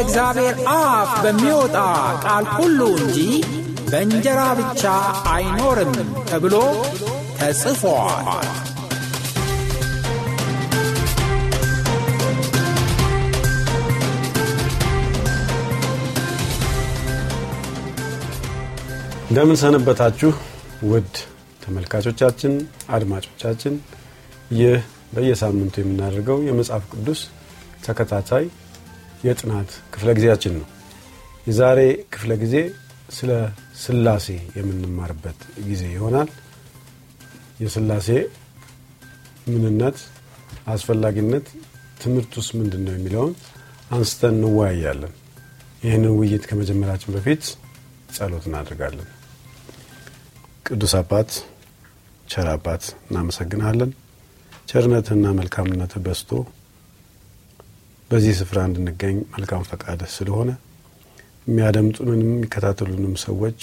ከእግዚአብሔር አፍ በሚወጣ ቃል ሁሉ እንጂ በእንጀራ ብቻ አይኖርም ተብሎ ተጽፏል። እንደምን ሰነበታችሁ ውድ ተመልካቾቻችን፣ አድማጮቻችን ይህ በየሳምንቱ የምናደርገው የመጽሐፍ ቅዱስ ተከታታይ የጥናት ክፍለ ጊዜያችን ነው። የዛሬ ክፍለ ጊዜ ስለ ስላሴ የምንማርበት ጊዜ ይሆናል። የስላሴ ምንነት፣ አስፈላጊነት፣ ትምህርት ውስጥ ምንድን ነው የሚለውን አንስተን እንወያያለን። ይህንን ውይይት ከመጀመራችን በፊት ጸሎት እናደርጋለን። ቅዱስ አባት፣ ቸር አባት እናመሰግናለን። ቸርነትህና መልካምነትህ በስቶ በዚህ ስፍራ እንድንገኝ መልካም ፈቃድ ስለሆነ የሚያደምጡንም የሚከታተሉንም ሰዎች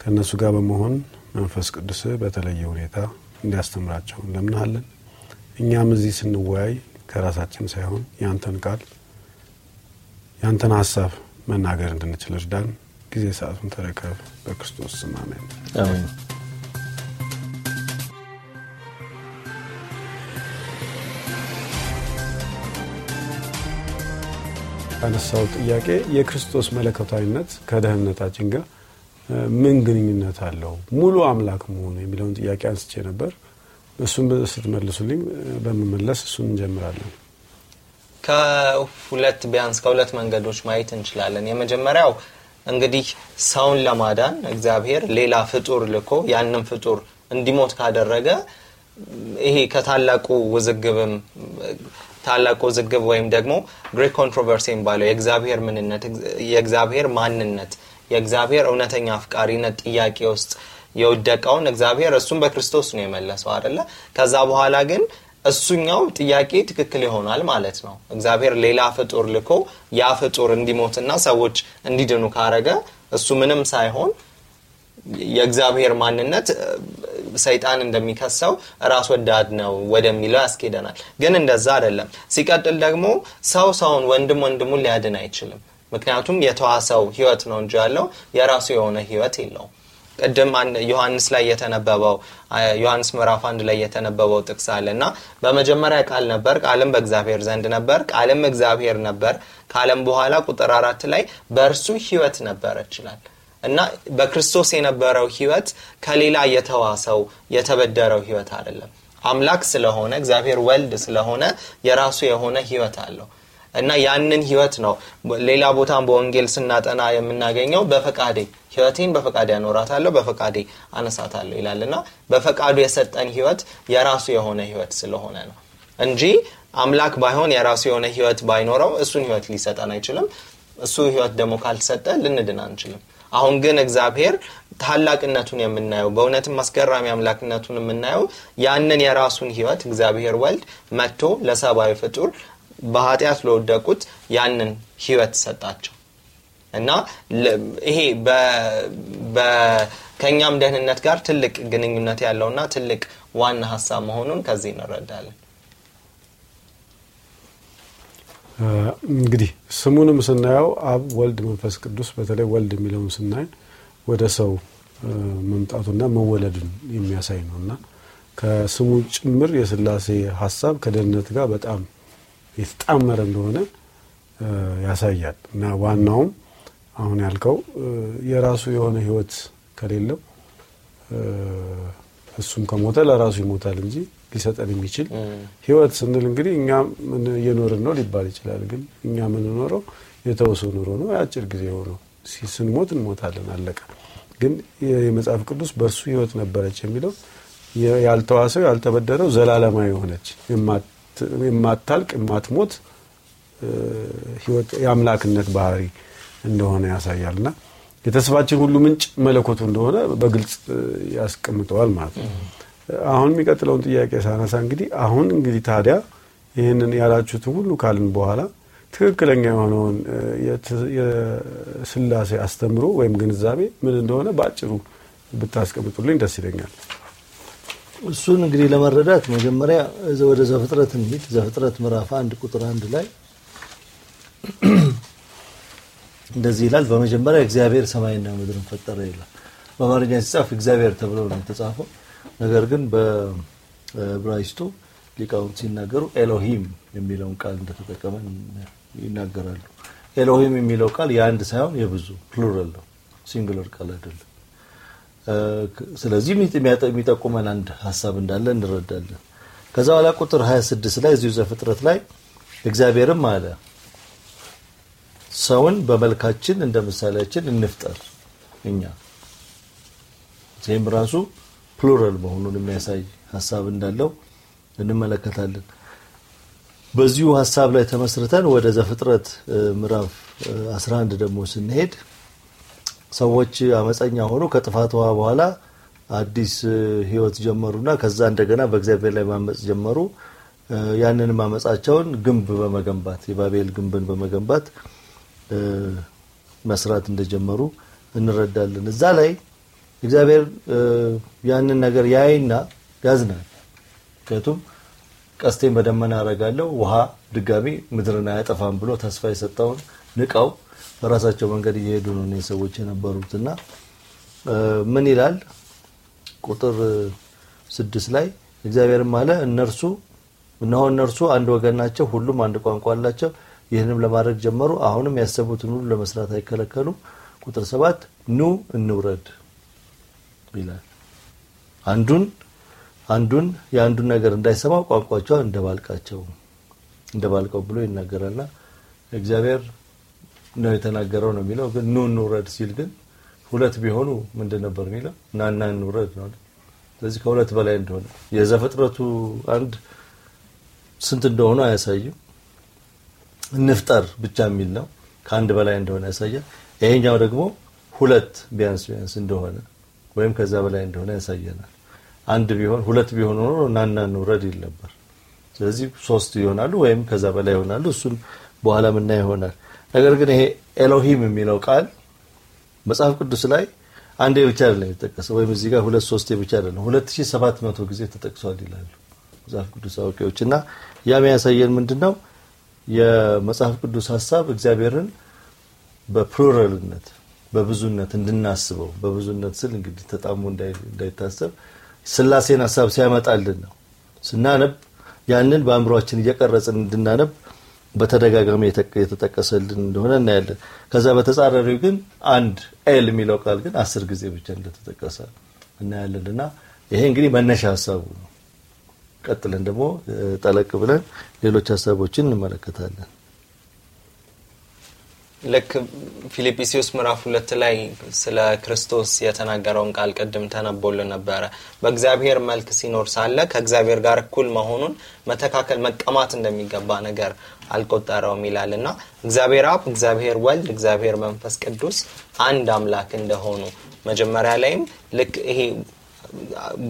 ከእነሱ ጋር በመሆን መንፈስ ቅዱስ በተለየ ሁኔታ እንዲያስተምራቸው እንለምናሃለን። እኛም እዚህ ስንወያይ ከራሳችን ሳይሆን ያንተን ቃል ያንተን ሀሳብ መናገር እንድንችል እርዳን። ጊዜ ሰዓቱን ተረከብ። በክርስቶስ ስም አሜን። ያነሳው ጥያቄ የክርስቶስ መለኮታዊነት ከደህንነታችን ጋር ምን ግንኙነት አለው? ሙሉ አምላክ መሆኑ የሚለውን ጥያቄ አንስቼ ነበር። እሱን ስትመልሱልኝ በመመለስ እሱን እንጀምራለን። ከሁለት ቢያንስ ከሁለት መንገዶች ማየት እንችላለን። የመጀመሪያው እንግዲህ ሰውን ለማዳን እግዚአብሔር ሌላ ፍጡር ልኮ ያንም ፍጡር እንዲሞት ካደረገ ይሄ ከታላቁ ውዝግብም ታላቅ ውዝግብ ወይም ደግሞ ግሬት ኮንትሮቨርሲ የሚባለው የእግዚአብሔር ምንነት፣ የእግዚአብሔር ማንነት፣ የእግዚአብሔር እውነተኛ አፍቃሪነት ጥያቄ ውስጥ የወደቀውን እግዚአብሔር እሱን በክርስቶስ ነው የመለሰው አደለ? ከዛ በኋላ ግን እሱኛው ጥያቄ ትክክል ይሆናል ማለት ነው። እግዚአብሔር ሌላ ፍጡር ልኮ ያ ፍጡር እንዲሞትና ሰዎች እንዲድኑ ካረገ እሱ ምንም ሳይሆን የእግዚአብሔር ማንነት ሰይጣን እንደሚከሰው ራስ ወዳድ ነው ወደሚለው ያስኬደናል። ግን እንደዛ አይደለም። ሲቀጥል ደግሞ ሰው ሰውን ወንድም ወንድሙን ሊያድን አይችልም። ምክንያቱም የተዋሰው ህይወት ነው እንጂ ያለው የራሱ የሆነ ህይወት የለው ቅድም ዮሐንስ ላይ የተነበበው ዮሐንስ ምዕራፍ አንድ ላይ የተነበበው ጥቅስ አለ እና በመጀመሪያ ቃል ነበር፣ ቃልም በእግዚአብሔር ዘንድ ነበር፣ ቃልም እግዚአብሔር ነበር። ከአለም በኋላ ቁጥር አራት ላይ በእርሱ ህይወት ነበረ ይችላል። እና በክርስቶስ የነበረው ህይወት ከሌላ የተዋሰው የተበደረው ህይወት አይደለም። አምላክ ስለሆነ እግዚአብሔር ወልድ ስለሆነ የራሱ የሆነ ህይወት አለው እና ያንን ህይወት ነው ሌላ ቦታን በወንጌል ስናጠና የምናገኘው በፈቃዴ ህይወቴን በፈቃዴ አኖራታለሁ በፈቃዴ አነሳታለሁ ይላል ና በፈቃዱ የሰጠን ህይወት የራሱ የሆነ ህይወት ስለሆነ ነው እንጂ አምላክ ባይሆን የራሱ የሆነ ህይወት ባይኖረው እሱን ህይወት ሊሰጠን አይችልም እሱ ህይወት ደግሞ ካልተሰጠ ልንድን አንችልም አሁን ግን እግዚአብሔር ታላቅነቱን የምናየው በእውነትም አስገራሚ አምላክነቱን የምናየው ያንን የራሱን ህይወት እግዚአብሔር ወልድ መጥቶ ለሰብአዊ ፍጡር በኃጢአት ለወደቁት ያንን ህይወት ሰጣቸው እና ይሄ ከእኛም ደህንነት ጋር ትልቅ ግንኙነት ያለውና ትልቅ ዋና ሀሳብ መሆኑን ከዚህ እንረዳለን። እንግዲህ ስሙንም ስናየው አብ፣ ወልድ፣ መንፈስ ቅዱስ በተለይ ወልድ የሚለውን ስናይ ወደ ሰው መምጣቱና መወለድን የሚያሳይ ነው እና ከስሙ ጭምር የስላሴ ሀሳብ ከደህንነት ጋር በጣም የተጣመረ እንደሆነ ያሳያል እና ዋናውም አሁን ያልከው የራሱ የሆነ ህይወት ከሌለው እሱም ከሞተ ለራሱ ይሞታል እንጂ ሊሰጠን የሚችል ህይወት ስንል እንግዲህ እኛ እየኖርን ነው ሊባል ይችላል። ግን እኛ የምንኖረው የተወሰ ኑሮ ነው። የአጭር ጊዜ ሆኖ ስንሞት እንሞታለን፣ አለቀ። ግን የመጽሐፍ ቅዱስ በእርሱ ህይወት ነበረች የሚለው ያልተዋሰው ያልተበደረው ዘላለማዊ የሆነች የማታልቅ የማትሞት ህይወት የአምላክነት ባህሪ እንደሆነ ያሳያል እና የተስፋችን ሁሉ ምንጭ መለኮቱ እንደሆነ በግልጽ ያስቀምጠዋል ማለት ነው። አሁን የሚቀጥለውን ጥያቄ ሳነሳ እንግዲህ አሁን እንግዲህ ታዲያ ይህንን ያላችሁትን ሁሉ ካልን በኋላ ትክክለኛ የሆነውን የስላሴ አስተምሮ ወይም ግንዛቤ ምን እንደሆነ በአጭሩ ብታስቀምጡልኝ ደስ ይለኛል። እሱን እንግዲህ ለመረዳት መጀመሪያ ወደ ዘፍጥረት እንሂድ። ዘፍጥረት ምዕራፍ አንድ ቁጥር አንድ ላይ እንደዚህ ይላል፣ በመጀመሪያ እግዚአብሔር ሰማይና ምድርን ፈጠረ ይላል። በአማርኛ ሲጻፍ እግዚአብሔር ተብሎ ነው የተጻፈው። ነገር ግን በብራይስቶ ሊቃውንት ሲናገሩ ኤሎሂም የሚለውን ቃል እንደተጠቀመ ይናገራሉ። ኤሎሂም የሚለው ቃል የአንድ ሳይሆን የብዙ ፕሉራል ነው፣ ሲንግለር ቃል አይደለም። ስለዚህ የሚጠቁመን አንድ ሀሳብ እንዳለ እንረዳለን። ከዛ በኋላ ቁጥር 26 ላይ እዚሁ ዘፍጥረት ላይ እግዚአብሔርም አለ ሰውን በመልካችን እንደ ምሳሌያችን እንፍጠር እኛ ይህም ራሱ ፕሉራል መሆኑን የሚያሳይ ሀሳብ እንዳለው እንመለከታለን። በዚሁ ሀሳብ ላይ ተመስርተን ወደ ዘፍጥረት ምዕራፍ 11 ደግሞ ስንሄድ ሰዎች አመፀኛ ሆኑ። ከጥፋት ውሃ በኋላ አዲስ ህይወት ጀመሩና ከዛ እንደገና በእግዚአብሔር ላይ ማመፅ ጀመሩ። ያንን ማመፃቸውን ግንብ በመገንባት የባቤል ግንብን በመገንባት መስራት እንደጀመሩ እንረዳለን። እዛ ላይ እግዚአብሔር ያንን ነገር ያይና ያዝናል። ምክንያቱም ቀስቴን በደመና አደርጋለሁ ውሃ ድጋሚ ምድርን አያጠፋም ብሎ ተስፋ የሰጠውን ንቀው በራሳቸው መንገድ እየሄዱ ነው እነዚህ ሰዎች የነበሩት እና ምን ይላል ቁጥር ስድስት ላይ እግዚአብሔርም አለ እነርሱ እነሆ እነርሱ አንድ ወገን ናቸው፣ ሁሉም አንድ ቋንቋ አላቸው። ይህንም ለማድረግ ጀመሩ። አሁንም ያሰቡትን ሁሉ ለመስራት አይከለከሉም። ቁጥር ሰባት ኑ እንውረድ ይላል። አንዱን አንዱን የአንዱን ነገር እንዳይሰማው ቋንቋቸው እንደባልቃቸው እንደባልቀው ብሎ ይናገራልና እግዚአብሔር ነው የተናገረው ነው የሚለው። ግን ኑ እንውረድ ሲል ግን ሁለት ቢሆኑ ምንድን ነበር የሚለው? ናና እንውረድ ነው። ስለዚህ ከሁለት በላይ እንደሆነ የዘፍጥረቱ አንድ ስንት እንደሆኑ አያሳይም። እንፍጠር ብቻ የሚል ነው። ከአንድ በላይ እንደሆነ ያሳያል። ይሄኛው ደግሞ ሁለት ቢያንስ ቢያንስ እንደሆነ ወይም ከዛ በላይ እንደሆነ ያሳየናል። አንድ ቢሆን ሁለት ቢሆን ኖሮ እናና እንውረድ ይል ነበር። ስለዚህ ሶስት ይሆናሉ ወይም ከዛ በላይ ይሆናሉ። እሱን በኋላ ምና ይሆናል። ነገር ግን ይሄ ኤሎሂም የሚለው ቃል መጽሐፍ ቅዱስ ላይ አንዴ ብቻ አይደለም የተጠቀሰ ወይም እዚህ ጋር ሁለት ሶስቴ ብቻ አይደለም፣ መቶ ጊዜ ተጠቅሷል ይላሉ መጽሐፍ ቅዱስ አዋቂዎች። እና ያም ያሳየን ምንድነው የመጽሐፍ ቅዱስ ሀሳብ እግዚአብሔርን በፕሉራልነት በብዙነት እንድናስበው በብዙነት ስል እንግዲህ ተጣሙ እንዳይታሰብ ስላሴን ሀሳብ ሲያመጣልን ነው። ስናነብ ያንን በአእምሯችን እየቀረጽን እንድናነብ በተደጋጋሚ የተጠቀሰልን እንደሆነ እናያለን። ከዛ በተጻረሪው ግን አንድ ኤል የሚለው ቃል ግን አስር ጊዜ ብቻ እንደተጠቀሰ እናያለን። እና ይሄ እንግዲህ መነሻ ሀሳቡ ነው። ቀጥለን ደግሞ ጠለቅ ብለን ሌሎች ሀሳቦችን እንመለከታለን። ልክ ፊልጵስዩስ ምዕራፍ ሁለት ላይ ስለ ክርስቶስ የተናገረውን ቃል ቅድም ተነቦልን ነበረ። በእግዚአብሔር መልክ ሲኖር ሳለ ከእግዚአብሔር ጋር እኩል መሆኑን መተካከል፣ መቀማት እንደሚገባ ነገር አልቆጠረውም ይላል ና እግዚአብሔር አብ፣ እግዚአብሔር ወልድ፣ እግዚአብሔር መንፈስ ቅዱስ አንድ አምላክ እንደሆኑ መጀመሪያ ላይም ልክ ይሄ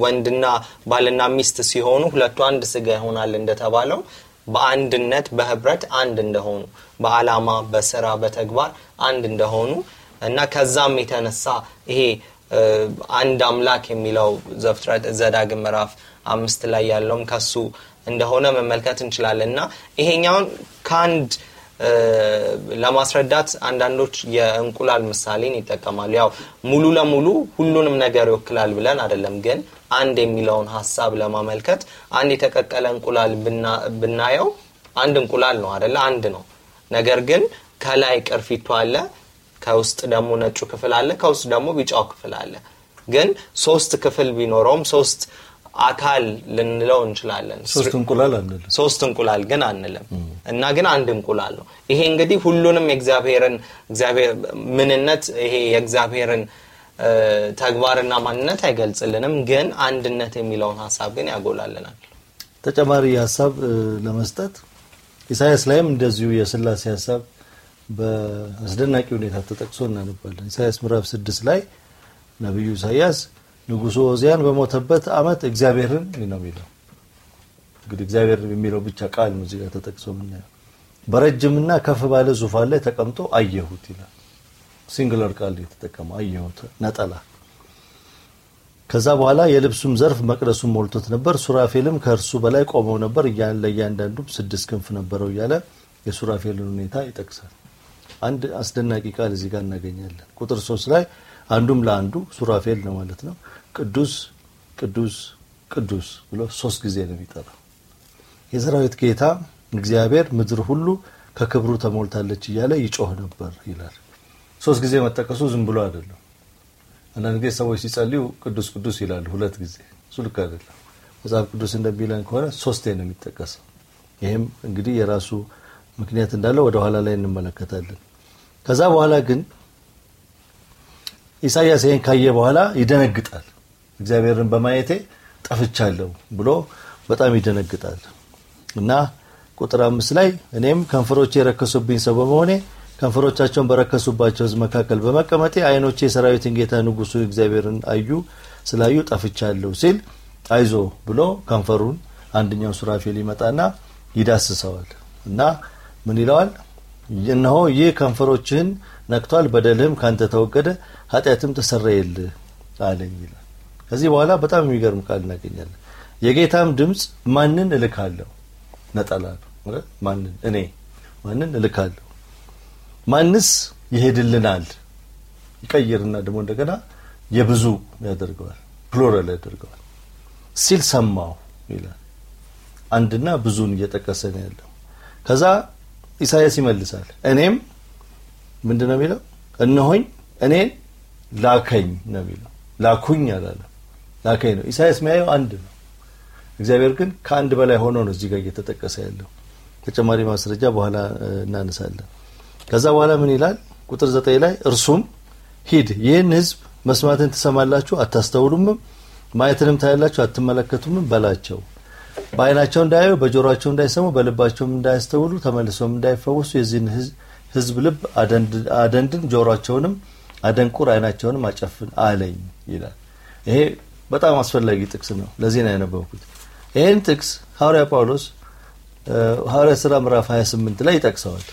ወንድና ባልና ሚስት ሲሆኑ ሁለቱ አንድ ስጋ ይሆናል እንደተባለው በአንድነት በህብረት አንድ እንደሆኑ በአላማ በስራ በተግባር አንድ እንደሆኑ እና ከዛም የተነሳ ይሄ አንድ አምላክ የሚለው ዘፍጥረት ዘዳግ ምዕራፍ አምስት ላይ ያለውም ከሱ እንደሆነ መመልከት እንችላለን እና ይሄኛውን ከአንድ ለማስረዳት አንዳንዶች የእንቁላል ምሳሌን ይጠቀማሉ። ያው ሙሉ ለሙሉ ሁሉንም ነገር ይወክላል ብለን አይደለም ግን አንድ የሚለውን ሀሳብ ለማመልከት አንድ የተቀቀለ እንቁላል ብናየው አንድ እንቁላል ነው አደለ? አንድ ነው። ነገር ግን ከላይ ቅርፊቱ አለ፣ ከውስጥ ደግሞ ነጩ ክፍል አለ፣ ከውስጥ ደግሞ ቢጫው ክፍል አለ። ግን ሶስት ክፍል ቢኖረውም ሶስት አካል ልንለው እንችላለን። ሶስት እንቁላል ግን አንልም እና ግን አንድ እንቁላል ነው። ይሄ እንግዲህ ሁሉንም የእግዚአብሔርን ምንነት ይሄ የእግዚአብሔርን ተግባርና ማንነት አይገልጽልንም፣ ግን አንድነት የሚለውን ሀሳብ ግን ያጎላልናል። ተጨማሪ ሀሳብ ለመስጠት ኢሳያስ ላይም እንደዚሁ የስላሴ ሀሳብ በአስደናቂ ሁኔታ ተጠቅሶ እናነባለን። ኢሳያስ ምዕራፍ ስድስት ላይ ነቢዩ ኢሳያስ ንጉሱ ኦዚያን በሞተበት አመት እግዚአብሔርን ነው የሚለው። እንግዲህ እግዚአብሔር የሚለው ብቻ ቃል ነው እዚህ ጋር ተጠቅሶ የምናየው። በረጅምና ከፍ ባለ ዙፋን ላይ ተቀምጦ አየሁት ይላል። ሲንግለር ቃል የተጠቀመው አየሁት ነጠላ። ከዛ በኋላ የልብሱም ዘርፍ መቅደሱን ሞልቶት ነበር። ሱራፌልም ከእርሱ በላይ ቆመው ነበር፣ ለእያንዳንዱም ስድስት ክንፍ ነበረው እያለ የሱራፌልን ሁኔታ ይጠቅሳል። አንድ አስደናቂ ቃል እዚህ ጋር እናገኛለን። ቁጥር ሶስት ላይ አንዱም ለአንዱ ሱራፌል ነው ማለት ነው ቅዱስ ቅዱስ ቅዱስ ብሎ ሶስት ጊዜ ነው የሚጠራው። የሰራዊት ጌታ እግዚአብሔር ምድር ሁሉ ከክብሩ ተሞልታለች እያለ ይጮህ ነበር ይላል። ሶስት ጊዜ መጠቀሱ ዝም ብሎ አይደለም። አንዳንድ ጊዜ ሰዎች ሲጸልዩ ቅዱስ ቅዱስ ይላሉ ሁለት ጊዜ። እሱ ልክ አይደለም። መጽሐፍ ቅዱስ እንደሚለን ከሆነ ሶስቴ ነው የሚጠቀሰው። ይህም እንግዲህ የራሱ ምክንያት እንዳለው ወደ ኋላ ላይ እንመለከታለን። ከዛ በኋላ ግን ኢሳያስ ይህን ካየ በኋላ ይደነግጣል። እግዚአብሔርን በማየቴ ጠፍቻለሁ ብሎ በጣም ይደነግጣል እና ቁጥር አምስት ላይ እኔም ከንፈሮቼ የረከሱብኝ ሰው በመሆኔ ከንፈሮቻቸውን በረከሱባቸው ህዝብ መካከል በመቀመጤ አይኖቼ የሰራዊትን ጌታ ንጉሱ እግዚአብሔርን አዩ፣ ስላዩ ጠፍቻለሁ ሲል አይዞ ብሎ ከንፈሩን አንደኛው ሱራፌል ይመጣና ይዳስሰዋል እና ምን ይለዋል? እነሆ ይህ ከንፈሮችህን ነክቷል፣ በደልህም ካንተ ተወገደ፣ ኃጢአትም ተሰረየልህ አለኝ ይላል። ከዚህ በኋላ በጣም የሚገርም ቃል እናገኛለን። የጌታም ድምፅ ማንን እልካለሁ ነጠላ ማንን እኔ ማንን እልካለሁ ማንስ ይሄድልናል? ይቀይርና ደግሞ እንደገና የብዙ ያደርገዋል፣ ፕሉራል ያደርገዋል ሲል ሰማሁ ይላል። አንድና ብዙን እየጠቀሰ ነው ያለው። ከዛ ኢሳያስ ይመልሳል። እኔም ምንድን ነው የሚለው? እነሆኝ እኔን ላከኝ ነው የሚለው። ላኩኝ አላለ፣ ላከኝ ነው። ኢሳያስ የሚያየው አንድ ነው። እግዚአብሔር ግን ከአንድ በላይ ሆኖ ነው እዚህ ጋር እየተጠቀሰ ያለው። ተጨማሪ ማስረጃ በኋላ እናነሳለን። ከዛ በኋላ ምን ይላል? ቁጥር ዘጠኝ ላይ እርሱም ሂድ ይህን ህዝብ መስማትን ትሰማላችሁ አታስተውሉምም፣ ማየትንም ታያላችሁ አትመለከቱምም በላቸው በአይናቸው እንዳያዩ በጆሮቸው እንዳይሰሙ በልባቸውም እንዳያስተውሉ ተመልሶም እንዳይፈወሱ የዚህን ህዝብ ልብ አደንድን ጆሮቸውንም አደንቁር አይናቸውንም አጨፍን አለኝ ይላል። ይሄ በጣም አስፈላጊ ጥቅስ ነው። ለዚህ ነው ያነበብኩት። ይህን ጥቅስ ሐዋርያ ጳውሎስ ሐዋርያ ስራ ምዕራፍ 28 ላይ ይጠቅሰዋል።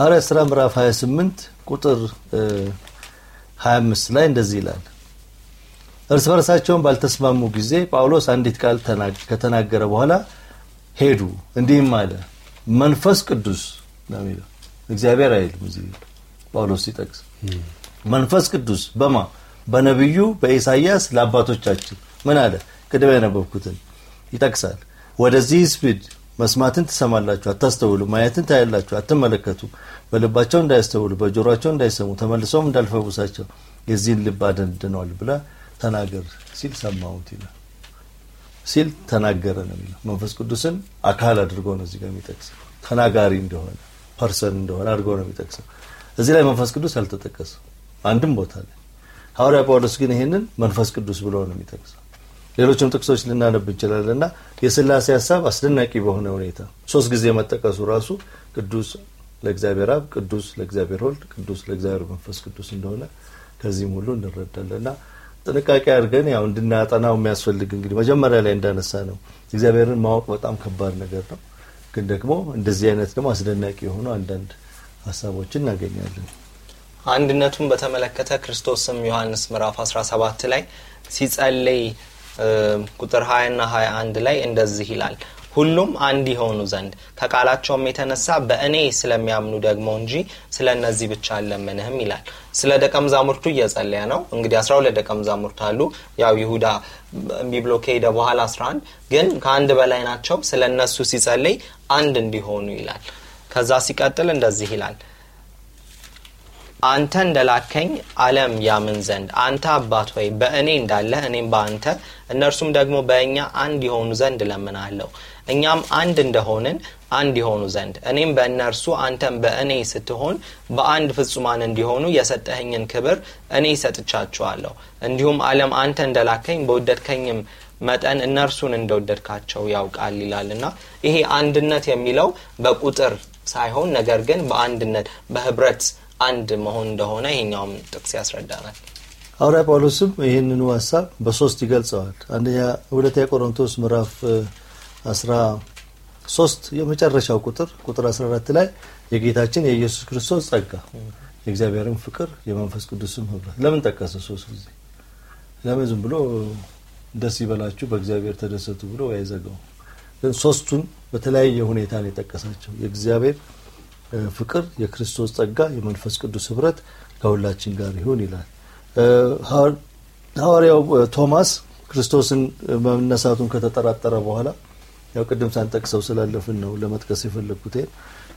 ሐዋርያት ሥራ ምዕራፍ 28 ቁጥር 25 ላይ እንደዚህ ይላል። እርስ በርሳቸውን ባልተስማሙ ጊዜ ጳውሎስ አንዲት ቃል ከተናገረ በኋላ ሄዱ። እንዲህም አለ መንፈስ ቅዱስ ነው የሚለው እግዚአብሔር አይልም። እዚህ ጳውሎስ ሲጠቅስ መንፈስ ቅዱስ በማ በነቢዩ በኢሳይያስ ለአባቶቻችን ምን አለ? ቅድም ያነበብኩትን ይጠቅሳል። ወደዚህ ስፒድ መስማትን ትሰማላችሁ፣ አታስተውሉ፣ ማየትን ታያላችሁ፣ አትመለከቱ። በልባቸው እንዳያስተውሉ፣ በጆሮቸው እንዳይሰሙ፣ ተመልሰውም እንዳልፈውሳቸው የዚህን ልብ አደንድነዋል ብላ ተናገር ሲል ሰማሁት ይላል ሲል ተናገረ ነው የሚለው። መንፈስ ቅዱስን አካል አድርጎ ነው እዚህ ጋር የሚጠቅሰው። ተናጋሪ እንደሆነ ፐርሰን እንደሆነ አድርጎ ነው የሚጠቅሰው። እዚህ ላይ መንፈስ ቅዱስ አልተጠቀሰው አንድም ቦታ ላይ። ሐዋርያ ጳውሎስ ግን ይህንን መንፈስ ቅዱስ ብሎ ነው የሚጠቅሰው። ሌሎችም ጥቅሶች ልናነብ እንችላለን እና የስላሴ ሀሳብ አስደናቂ በሆነ ሁኔታ ሶስት ጊዜ መጠቀሱ ራሱ ቅዱስ ለእግዚአብሔር አብ፣ ቅዱስ ለእግዚአብሔር ወልድ፣ ቅዱስ ለእግዚአብሔር መንፈስ ቅዱስ እንደሆነ ከዚህም ሁሉ እንረዳለን እና ጥንቃቄ አድርገን ያው እንድናጠናው የሚያስፈልግ እንግዲህ መጀመሪያ ላይ እንዳነሳ ነው እግዚአብሔርን ማወቅ በጣም ከባድ ነገር ነው። ግን ደግሞ እንደዚህ አይነት ደግሞ አስደናቂ የሆኑ አንዳንድ ሀሳቦችን እናገኛለን። አንድነቱን በተመለከተ ክርስቶስም ዮሐንስ ምዕራፍ 17 ላይ ሲጸልይ ቁጥር 20 እና 21 ላይ እንደዚህ ይላል ሁሉም አንድ ይሆኑ ዘንድ ከቃላቸውም የተነሳ በእኔ ስለሚያምኑ ደግሞ እንጂ ስለ እነዚህ ብቻ አለምንህም ይላል። ስለ ደቀ መዛሙርቱ እየጸለየ ነው። እንግዲህ 12 ደቀ መዛሙርት አሉ። ያው ይሁዳ ቢብሎ ከሄደ በኋላ 11 ግን ከአንድ በላይ ናቸው። ስለ እነሱ ሲጸልይ አንድ እንዲሆኑ ይላል። ከዛ ሲቀጥል እንደዚህ ይላል አንተ እንደላከኝ አለም ያምን ዘንድ አንተ አባት ሆይ በእኔ እንዳለ እኔም በአንተ እነርሱም ደግሞ በእኛ አንድ የሆኑ ዘንድ ለምናለሁ እኛም አንድ እንደሆንን አንድ የሆኑ ዘንድ እኔም በእነርሱ አንተም በእኔ ስትሆን በአንድ ፍጹማን እንዲሆኑ የሰጠኸኝን ክብር እኔ ሰጥቻችኋለሁ። እንዲሁም አለም አንተ እንደላከኝ በወደድከኝም መጠን እነርሱን እንደወደድካቸው ያውቃል ይላል ና ይሄ አንድነት የሚለው በቁጥር ሳይሆን ነገር ግን በአንድነት በህብረት አንድ መሆን እንደሆነ ይሄኛውም ጥቅስ ያስረዳናል። ሐዋርያ ጳውሎስም ይህንኑ ሀሳብ በሶስት ይገልጸዋል። አንደኛ ሁለተኛ ቆሮንቶስ ምዕራፍ ሶስት የመጨረሻው ቁጥር ቁጥር 14 ላይ የጌታችን የኢየሱስ ክርስቶስ ጸጋ የእግዚአብሔርን ፍቅር የመንፈስ ቅዱስም ህብረት ለምን ጠቀሰ? ሶስት ጊዜ ለምን ዝም ብሎ ደስ ይበላችሁ በእግዚአብሔር ተደሰቱ ብሎ ያይዘገው? ግን ሶስቱን በተለያየ ሁኔታ ነው የጠቀሳቸው የእግዚአብሔር ፍቅር፣ የክርስቶስ ጸጋ፣ የመንፈስ ቅዱስ ህብረት ከሁላችን ጋር ይሁን ይላል። ሐዋርያው ቶማስ ክርስቶስን መነሳቱን ከተጠራጠረ በኋላ ያው ቅድም ሳንጠቅሰው ስላለፍን ነው ለመጥቀስ የፈለግኩት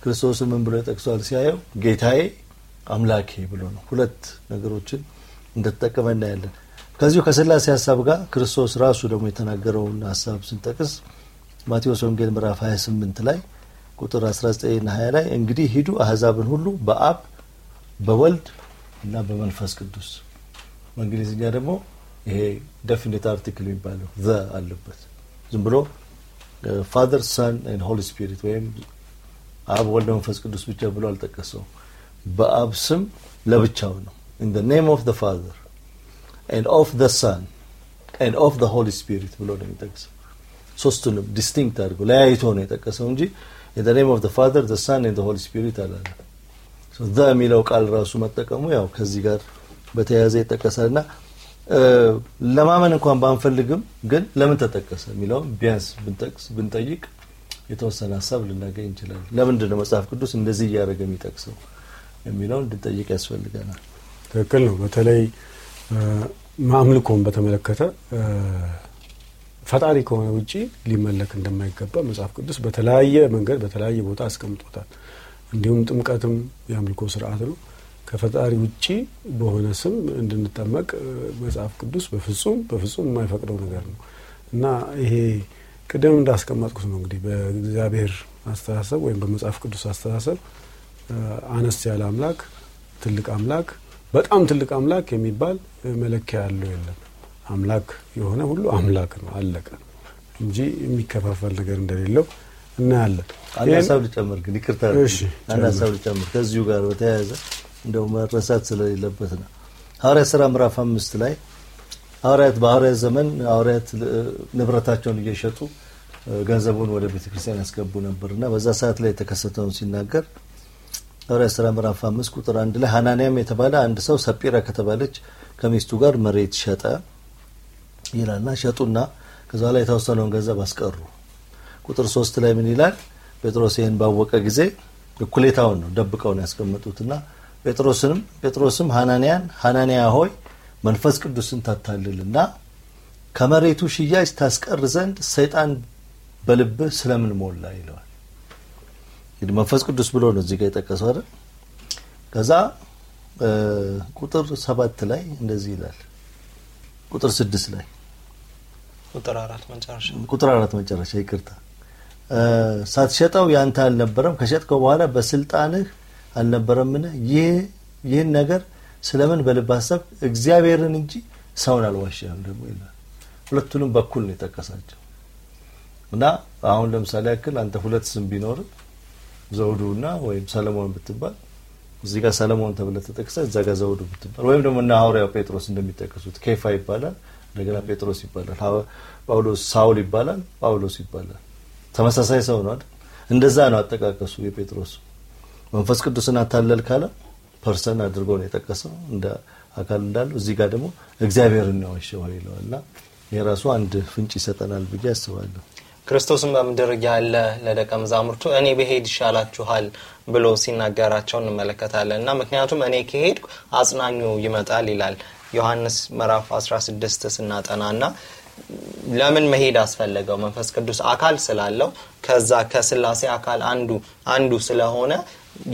ክርስቶስን ምን ብሎ ጠቅሷል? ሲያየው ጌታዬ አምላኬ ብሎ ነው። ሁለት ነገሮችን እንደተጠቀመ እናያለን። ከዚሁ ከስላሴ ሀሳብ ጋር ክርስቶስ ራሱ ደግሞ የተናገረውን ሀሳብ ስንጠቅስ ማቴዎስ ወንጌል ምዕራፍ 28 ላይ ቁጥር 19ና 20 ላይ እንግዲህ ሂዱ አህዛብን ሁሉ በአብ በወልድ እና በመንፈስ ቅዱስ በእንግሊዝኛ ደግሞ ይሄ ደፊኒት አርቲክል የሚባለው ዘ አለበት። ዝም ብሎ ፋር ሰን ኤንድ ሆሊ ስፒሪት ወይም አብ ወልድ መንፈስ ቅዱስ ብቻ ብሎ አልጠቀሰው። በአብ ስም ለብቻው ነው። ኢን ኔም ኦፍ ዘ ኦፍ ሰን ኦፍ ሆሊ ስፒሪት ብሎ ነው የሚጠቅሰው። ሶስቱንም ዲስቲንክት አድርጎ ለያይቶ ነው የጠቀሰው እንጂ In the name of the Father, the Son and the Holy Spirit አላለ። so the የሚለው ቃል ራሱ መጠቀሙ ያው ከዚህ ጋር በተያያዘ ይጠቀሳልና ለማመን እንኳን ባንፈልግም ግን ለምን ተጠቀሰ የሚለውን ቢያንስ ብንጠቅስ ብንጠይቅ የተወሰነ ሀሳብ ልናገኝ እንችላለን። ለምንድን ነው መጽሐፍ ቅዱስ እንደዚህ እያደረገ የሚጠቅሰው የሚለውን እንድንጠይቅ ያስፈልገናል። ትክክል ነው። በተለይ ማምልኮን በተመለከተ ፈጣሪ ከሆነ ውጪ ሊመለክ እንደማይገባ መጽሐፍ ቅዱስ በተለያየ መንገድ በተለያየ ቦታ አስቀምጦታል። እንዲሁም ጥምቀትም የአምልኮ ስርዓት ነው። ከፈጣሪ ውጪ በሆነ ስም እንድንጠመቅ መጽሐፍ ቅዱስ በፍጹም በፍጹም የማይፈቅደው ነገር ነው እና ይሄ ቅድም እንዳስቀመጥኩት ነው እንግዲህ በእግዚአብሔር አስተሳሰብ ወይም በመጽሐፍ ቅዱስ አስተሳሰብ አነስ ያለ አምላክ፣ ትልቅ አምላክ፣ በጣም ትልቅ አምላክ የሚባል መለኪያ ያለው የለም። አምላክ የሆነ ሁሉ አምላክ ነው፣ አለቀ እንጂ የሚከፋፈል ነገር እንደሌለው እናያለን። አንድ ሀሳብ ልጨምር ግን ይቅርታ፣ አንድ ሀሳብ ልጨምር ከዚሁ ጋር በተያያዘ እንደው መረሳት ስለሌለበት ነው። ሐዋርያት ስራ ምዕራፍ አምስት ላይ ሐዋርያት በሐዋርያት ዘመን ሐዋርያት ንብረታቸውን እየሸጡ ገንዘቡን ወደ ቤተ ክርስቲያን ያስገቡ ነበር እና በዛ ሰዓት ላይ የተከሰተውን ሲናገር ሐዋርያት ስራ ምዕራፍ አምስት ቁጥር አንድ ላይ ሀናንያም የተባለ አንድ ሰው ሰጲራ ከተባለች ከሚስቱ ጋር መሬት ሸጠ ይላልና ሸጡና ከዛ ላይ የተወሰነውን ገንዘብ አስቀሩ። ቁጥር ሶስት ላይ ምን ይላል? ጴጥሮስ ይህን ባወቀ ጊዜ እኩሌታውን ነው ደብቀውን ያስቀመጡትና ጴጥሮስንም ጴጥሮስም ሐናንያን ሐናንያ ሆይ መንፈስ ቅዱስን ታታልልና ከመሬቱ ሽያጭ ታስቀር ዘንድ ሰይጣን በልብህ ስለምን ሞላ ይለዋል። እንግዲህ መንፈስ ቅዱስ ብሎ ነው እዚህ ጋር የጠቀሰው አይደል? ከዛ ቁጥር ሰባት ላይ እንደዚህ ይላል። ቁጥር ስድስት ላይ ቁጥር አራት መጨረሻ ይቅርታ። ሳትሸጠው ያንተ አልነበረም ከሸጥከው በኋላ በስልጣንህ አልነበረምን? ይህ ይህን ነገር ስለምን በልብ ሀሳብ እግዚአብሔርን እንጂ ሰውን አልዋሽም ደግሞ ይላል። ሁለቱንም በኩል ነው የጠቀሳቸው እና አሁን ለምሳሌ ያክል አንተ ሁለት ስም ቢኖር ዘውዱና ወይም ሰለሞን ብትባል እዚህ ጋር ሰለሞን ተብለ ተጠቅሰ እዛ ጋር ዘውዱ ብትባል ወይም ደግሞ እና ሐዋርያው ጴጥሮስ እንደሚጠቀሱት ኬፋ ይባላል እንደገና ጴጥሮስ ይባላል፣ ጳውሎስ ሳውል ይባላል፣ ጳውሎስ ይባላል። ተመሳሳይ ሰው ነው አይደል? እንደዛ ነው አጠቃቀሱ የጴጥሮስ። መንፈስ ቅዱስን አታለል ካለ ፐርሰን አድርጎ ነው የጠቀሰው እንደ አካል እንዳለው። እዚህ ጋር ደግሞ እግዚአብሔር ነው ያሸዋው እና የራሱ አንድ ፍንጭ ይሰጠናል ብዬ አስባለሁ። ክርስቶስን በምድር ያለ ለደቀ መዛሙርቱ እኔ ብሄድ ይሻላችኋል ብሎ ሲናገራቸው እንመለከታለን እና ምክንያቱም እኔ ከሄድ አጽናኙ ይመጣል ይላል። ዮሐንስ ምዕራፍ 16 ስናጠና ና ለምን መሄድ አስፈለገው? መንፈስ ቅዱስ አካል ስላለው ከዛ ከስላሴ አካል አንዱ አንዱ ስለሆነ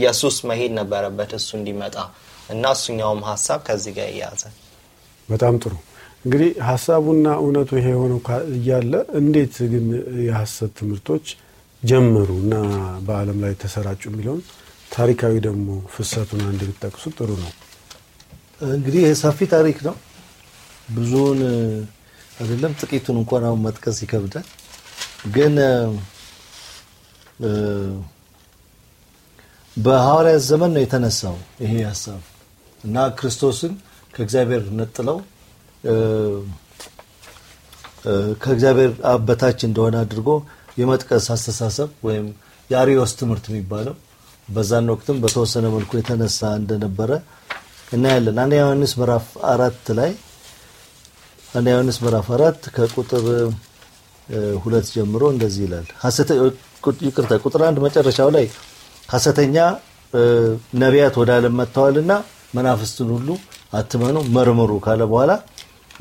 የሱስ መሄድ ነበረበት እሱ እንዲመጣ እና እሱኛውም ሀሳብ ከዚህ ጋር እያያዘ በጣም ጥሩ እንግዲህ ሀሳቡና እውነቱ ይሄ የሆነው እያለ እንዴት ግን የሀሰት ትምህርቶች ጀመሩ እና በአለም ላይ ተሰራጩ የሚለውን ታሪካዊ ደግሞ ፍሰቱን አንድ ብትጠቅሱ ጥሩ ነው። እንግዲህ ሰፊ ታሪክ ነው። ብዙውን አይደለም ጥቂቱን እንኳን አሁን መጥቀስ ይከብዳል። ግን በሐዋርያት ዘመን ነው የተነሳው ይሄ ሀሳብ እና ክርስቶስን ከእግዚአብሔር ነጥለው ከእግዚአብሔር አብ በታች እንደሆነ አድርጎ የመጥቀስ አስተሳሰብ ወይም የአሪዮስ ትምህርት የሚባለው በዛን ወቅትም በተወሰነ መልኩ የተነሳ እንደነበረ እናያለን። አንደኛ ዮሐንስ ምዕራፍ አራት ላይ አንደኛ ዮሐንስ ምዕራፍ አራት ከቁጥር ሁለት ጀምሮ እንደዚህ ይላል። ይቅርታ ቁጥር አንድ መጨረሻው ላይ ሐሰተኛ ነቢያት ወደ ዓለም መጥተዋልና መናፍስትን ሁሉ አትመኑ መርምሩ ካለ በኋላ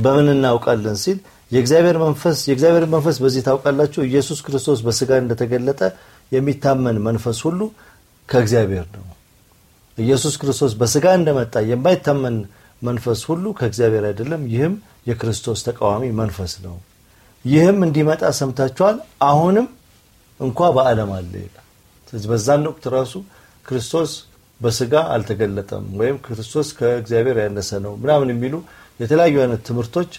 በምን እናውቃለን ሲል የእግዚአብሔር መንፈስ የእግዚአብሔር መንፈስ በዚህ ታውቃላችሁ፣ ኢየሱስ ክርስቶስ በስጋ እንደተገለጠ የሚታመን መንፈስ ሁሉ ከእግዚአብሔር ነው ኢየሱስ ክርስቶስ በስጋ እንደመጣ የማይታመን መንፈስ ሁሉ ከእግዚአብሔር አይደለም፣ ይህም የክርስቶስ ተቃዋሚ መንፈስ ነው። ይህም እንዲመጣ ሰምታችኋል፣ አሁንም እንኳ በአለም አለ ስለዚህ በዛን ወቅት ራሱ ክርስቶስ በስጋ አልተገለጠም ወይም ክርስቶስ ከእግዚአብሔር ያነሰ ነው ምናምን የሚሉ የተለያዩ አይነት ትምህርቶች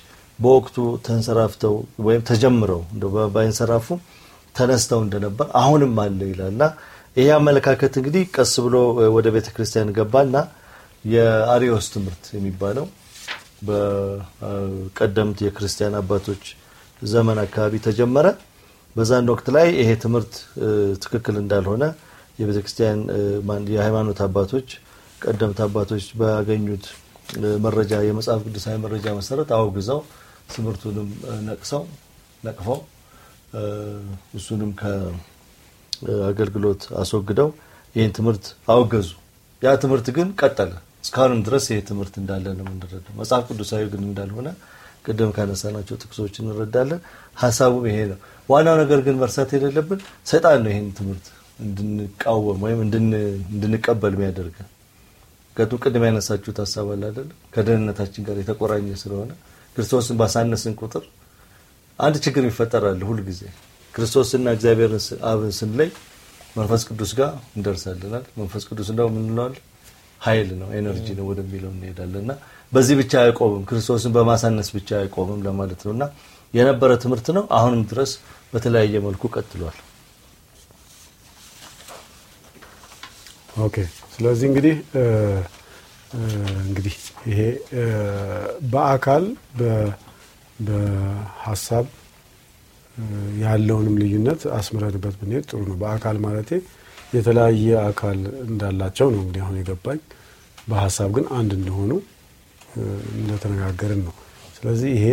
በወቅቱ ተንሰራፍተው ወይም ተጀምረው ባይንሰራፉ ተነስተው እንደነበር አሁንም አለ ይላልና ይሄ አመለካከት እንግዲህ ቀስ ብሎ ወደ ቤተ ክርስቲያን ገባና የአሪዮስ ትምህርት የሚባለው በቀደምት የክርስቲያን አባቶች ዘመን አካባቢ ተጀመረ። በዛን ወቅት ላይ ይሄ ትምህርት ትክክል እንዳልሆነ የቤተ ክርስቲያን የሃይማኖት አባቶች ቀደምት አባቶች ባገኙት መረጃ የመጽሐፍ ቅዱሳዊ መረጃ መሰረት አውግዘው ትምህርቱንም ነቅሰው ነቅፈው እሱንም አገልግሎት አስወግደው ይህን ትምህርት አወገዙ። ያ ትምህርት ግን ቀጠለ። እስካሁንም ድረስ ይህ ትምህርት እንዳለ ነው የምንረዳው። መጽሐፍ ቅዱሳዊ ግን እንዳልሆነ ቅድም ካነሳናቸው ጥቅሶች እንረዳለን። ሀሳቡም ይሄ ነው። ዋናው ነገር ግን መርሳት የሌለብን ሰይጣን ነው ይህን ትምህርት እንድንቃወም ወይም እንድንቀበል የሚያደርገን። ምክንያቱም ቅድም ያነሳችሁት ሀሳብ አለ አይደለ? ከደህንነታችን ጋር የተቆራኘ ስለሆነ ክርስቶስን ባሳነስን ቁጥር አንድ ችግር ይፈጠራል ሁልጊዜ ክርስቶስና እግዚአብሔር አብን ስንለይ መንፈስ ቅዱስ ጋር እንደርሳለናል። መንፈስ ቅዱስ እንደው ምን እንለዋለን? ኃይል ነው፣ ኤነርጂ ነው ወደሚለው እንሄዳለንና በዚህ ብቻ አይቆምም፣ ክርስቶስን በማሳነስ ብቻ አይቆምም ለማለት ነውና የነበረ ትምህርት ነው። አሁንም ድረስ በተለያየ መልኩ ቀጥሏል። ኦኬ። ስለዚህ እንግዲህ እንግዲህ ይሄ በአካል በሀሳብ ያለውንም ልዩነት አስምረንበት ብንሄድ ጥሩ ነው። በአካል ማለቴ የተለያየ አካል እንዳላቸው ነው እንግዲህ አሁን የገባኝ። በሀሳብ ግን አንድ እንደሆኑ እንደተነጋገርን ነው። ስለዚህ ይሄ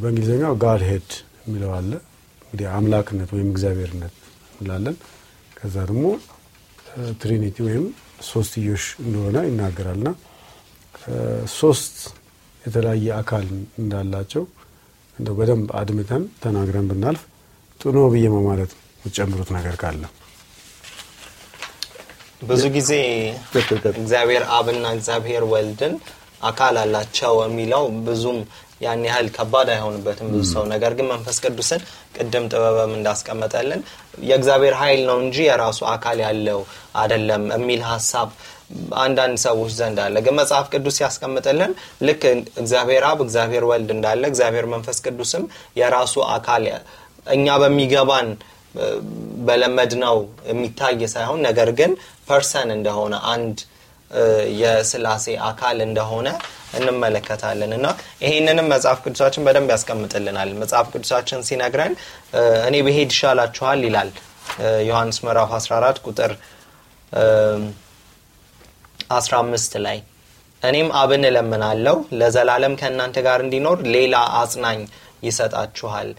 በእንግሊዝኛው ጋድ ሄድ የሚለው አለ እንግዲህ አምላክነት ወይም እግዚአብሔርነት እንላለን። ከዛ ደግሞ ትሪኒቲ ወይም ሶስትዮሽ እንደሆነ ይናገራልና ሶስት የተለያየ አካል እንዳላቸው እንደው በደንብ አድምተን ተናግረን ብናልፍ ጥኖ ብዬ ነው ማለት የምትጨምሩት ነገር ካለ ብዙ ጊዜ እግዚአብሔር አብና እግዚአብሔር ወልድን አካል አላቸው የሚለው ብዙም ያን ያህል ከባድ አይሆንበትም ብዙ ሰው። ነገር ግን መንፈስ ቅዱስን ቅድም ጥበብም እንዳስቀመጠልን የእግዚአብሔር ኃይል ነው እንጂ የራሱ አካል ያለው አይደለም የሚል ሀሳብ አንዳንድ ሰዎች ዘንድ አለ። ግን መጽሐፍ ቅዱስ ሲያስቀምጥልን ልክ እግዚአብሔር አብ፣ እግዚአብሔር ወልድ እንዳለ እግዚአብሔር መንፈስ ቅዱስም የራሱ አካል እኛ በሚገባን በለመድ ነው የሚታይ ሳይሆን ነገር ግን ፐርሰን እንደሆነ አንድ የስላሴ አካል እንደሆነ እንመለከታለን እና ይሄንንም መጽሐፍ ቅዱሳችን በደንብ ያስቀምጥልናል። መጽሐፍ ቅዱሳችን ሲነግረን እኔ ብሄድ ይሻላችኋል ይላል ዮሐንስ ምዕራፍ 14 ቁጥር 15 ላይ እኔም አብን እለምናለሁ ለዘላለም ከእናንተ ጋር እንዲኖር ሌላ አጽናኝ ይሰጣችኋል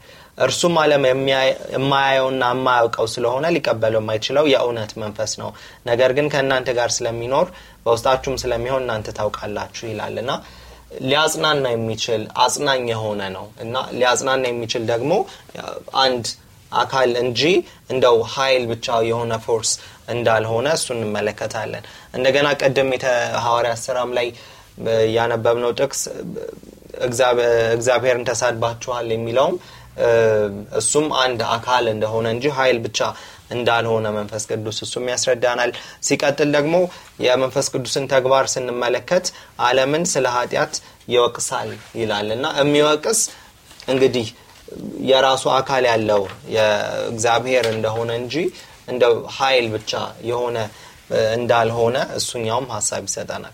እርሱም አለም የማያየውና የማያውቀው ስለሆነ ሊቀበለው የማይችለው የእውነት መንፈስ ነው። ነገር ግን ከእናንተ ጋር ስለሚኖር በውስጣችሁም ስለሚሆን እናንተ ታውቃላችሁ ይላል ና ሊያጽናና የሚችል አጽናኝ የሆነ ነው እና ሊያጽናና የሚችል ደግሞ አንድ አካል እንጂ እንደው ሀይል ብቻ የሆነ ፎርስ እንዳልሆነ እሱ እንመለከታለን። እንደገና ቅድም ሐዋርያት ስራም ላይ ያነበብነው ጥቅስ እግዚአብሔርን ተሳድባችኋል የሚለውም እሱም አንድ አካል እንደሆነ እንጂ ኃይል ብቻ እንዳልሆነ መንፈስ ቅዱስ እሱም ያስረዳናል። ሲቀጥል ደግሞ የመንፈስ ቅዱስን ተግባር ስንመለከት አለምን ስለ ኃጢአት ይወቅሳል ይላል እና የሚወቅስ እንግዲህ የራሱ አካል ያለው የእግዚአብሔር እንደሆነ እንጂ እንደው ሀይል ብቻ የሆነ እንዳልሆነ እሱኛውም ሀሳብ ይሰጠናል።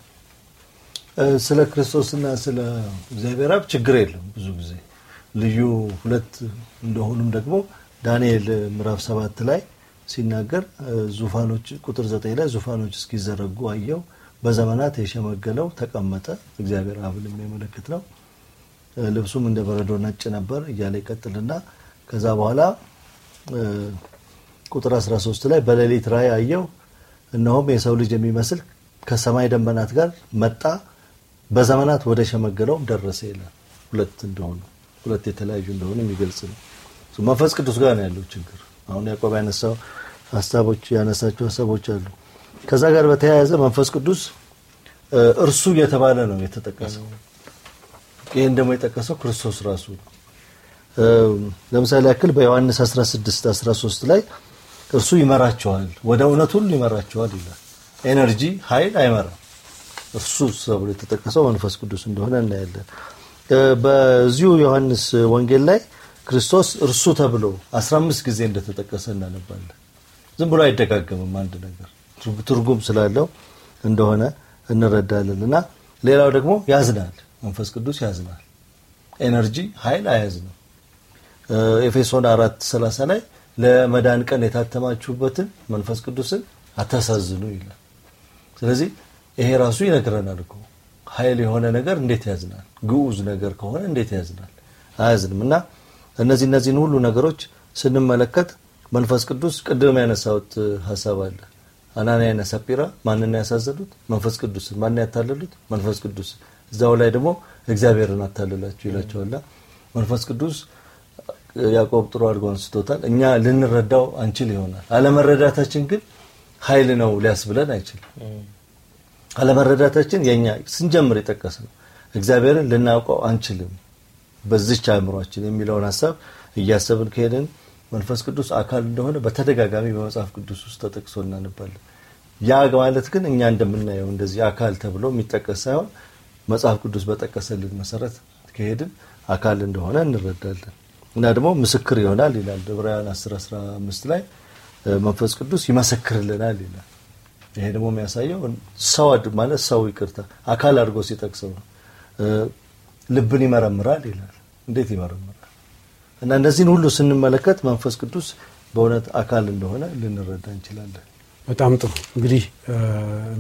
ስለ ክርስቶስና ስለ እግዚአብሔር አብ ችግር የለም። ብዙ ጊዜ ልዩ ሁለት እንደሆኑም ደግሞ ዳንኤል ምዕራፍ ሰባት ላይ ሲናገር ዙፋኖች ቁጥር ዘጠኝ ላይ ዙፋኖች እስኪዘረጉ አየው፣ በዘመናት የሸመገለው ተቀመጠ። እግዚአብሔር አብን የሚያመለክት ነው። ልብሱም እንደ በረዶ ነጭ ነበር እያለ ይቀጥልና ከዛ በኋላ ቁጥር 13 ላይ በሌሊት ራእይ አየው እነሆም የሰው ልጅ የሚመስል ከሰማይ ደመናት ጋር መጣ፣ በዘመናት ወደ ሸመገለውም ደረሰ ይላል። ሁለት እንደሆኑ ሁለት የተለያዩ እንደሆኑ የሚገልጽ ነው። መንፈስ ቅዱስ ጋር ነው ያለው ችግር። አሁን ያቆብ ያነሳው ሀሳቦች ያነሳቸው ሀሳቦች አሉ። ከዛ ጋር በተያያዘ መንፈስ ቅዱስ እርሱ የተባለ ነው የተጠቀሰው። ይህን ደግሞ የጠቀሰው ክርስቶስ ራሱ ለምሳሌ ያክል በዮሐንስ 16 13 ላይ እርሱ ይመራቸዋል፣ ወደ እውነት ሁሉ ይመራቸዋል ይላል። ኤነርጂ ኃይል አይመራም። እርሱ ተብሎ የተጠቀሰው መንፈስ ቅዱስ እንደሆነ እናያለን። በዚሁ ዮሐንስ ወንጌል ላይ ክርስቶስ እርሱ ተብሎ 15 ጊዜ እንደተጠቀሰ እናነባለን። ዝም ብሎ አይደጋገምም። አንድ ነገር ትርጉም ስላለው እንደሆነ እንረዳለን። እና ሌላው ደግሞ ያዝናል። መንፈስ ቅዱስ ያዝናል። ኤነርጂ ኃይል አያዝንም። ኤፌሶን 4 ሰላሳ ላይ ለመዳን ቀን የታተማችሁበትን መንፈስ ቅዱስን አታሳዝኑ ይላል። ስለዚህ ይሄ ራሱ ይነግረናል እኮ ኃይል የሆነ ነገር እንዴት ያዝናል? ግዑዝ ነገር ከሆነ እንዴት ያዝናል? አያዝንም። እና እነዚህ እነዚህን ሁሉ ነገሮች ስንመለከት መንፈስ ቅዱስ ቅድም ያነሳሁት ሀሳብ አለ። አናንያና ሰጲራ ማንን ያሳዘሉት? መንፈስ ቅዱስ። ማን ያታለሉት? መንፈስ ቅዱስ። እዛው ላይ ደግሞ እግዚአብሔርን አታልላችሁ ይላቸዋላ። መንፈስ ቅዱስ ያዕቆብ ጥሩ አድርጎ አንስቶታል። እኛ ልንረዳው አንችል ይሆናል። አለመረዳታችን ግን ኃይል ነው ሊያስብለን አይችልም። አለመረዳታችን የኛ ስንጀምር የጠቀስ ነው እግዚአብሔርን ልናውቀው አንችልም በዚች አእምሯችን የሚለውን ሀሳብ እያሰብን ከሄደን መንፈስ ቅዱስ አካል እንደሆነ በተደጋጋሚ በመጽሐፍ ቅዱስ ውስጥ ተጠቅሶ እናነባለን። ያ ማለት ግን እኛ እንደምናየው እንደዚህ አካል ተብሎ የሚጠቀስ ሳይሆን መጽሐፍ ቅዱስ በጠቀሰልን መሰረት ከሄድን አካል እንደሆነ እንረዳለን። እና ደግሞ ምስክር ይሆናል ይላል ዕብራውያን 15 ላይ መንፈስ ቅዱስ ይመሰክርልናል ይላል። ይሄ ደግሞ የሚያሳየው ሰወድ ማለት ሰው ይቅርታ አካል አድርጎ ሲጠቅሰው ነው። ልብን ይመረምራል ይላል። እንዴት ይመረምራል? እና እነዚህን ሁሉ ስንመለከት መንፈስ ቅዱስ በእውነት አካል እንደሆነ ልንረዳ እንችላለን። በጣም ጥሩ። እንግዲህ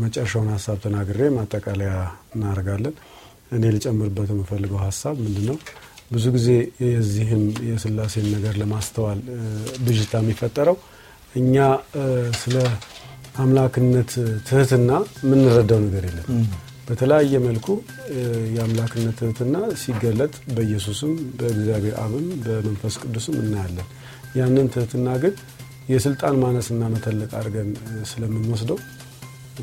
መጨረሻውን ሀሳብ ተናግሬ ማጠቃለያ እናደርጋለን። እኔ ልጨምርበት የምፈልገው ሀሳብ ምንድን ነው? ብዙ ጊዜ የዚህም የስላሴን ነገር ለማስተዋል ብዥታ የሚፈጠረው እኛ ስለ አምላክነት ትህትና የምንረዳው ነገር የለም። በተለያየ መልኩ የአምላክነት ትህትና ሲገለጥ በኢየሱስም በእግዚአብሔር አብም በመንፈስ ቅዱስም እናያለን። ያንን ትህትና ግን የስልጣን ማነስና መተለቅ አድርገን ስለምንወስደው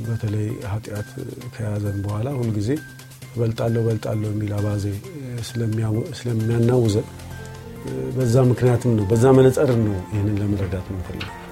በተለይ ኃጢአት ከያዘን በኋላ ሁልጊዜ እበልጣለሁ በልጣለሁ የሚል አባዜ ስለሚያናውዘ በዛ ምክንያትም ነው በዛ መነጸርም ነው ይህንን ለመረዳት ምንፈልግ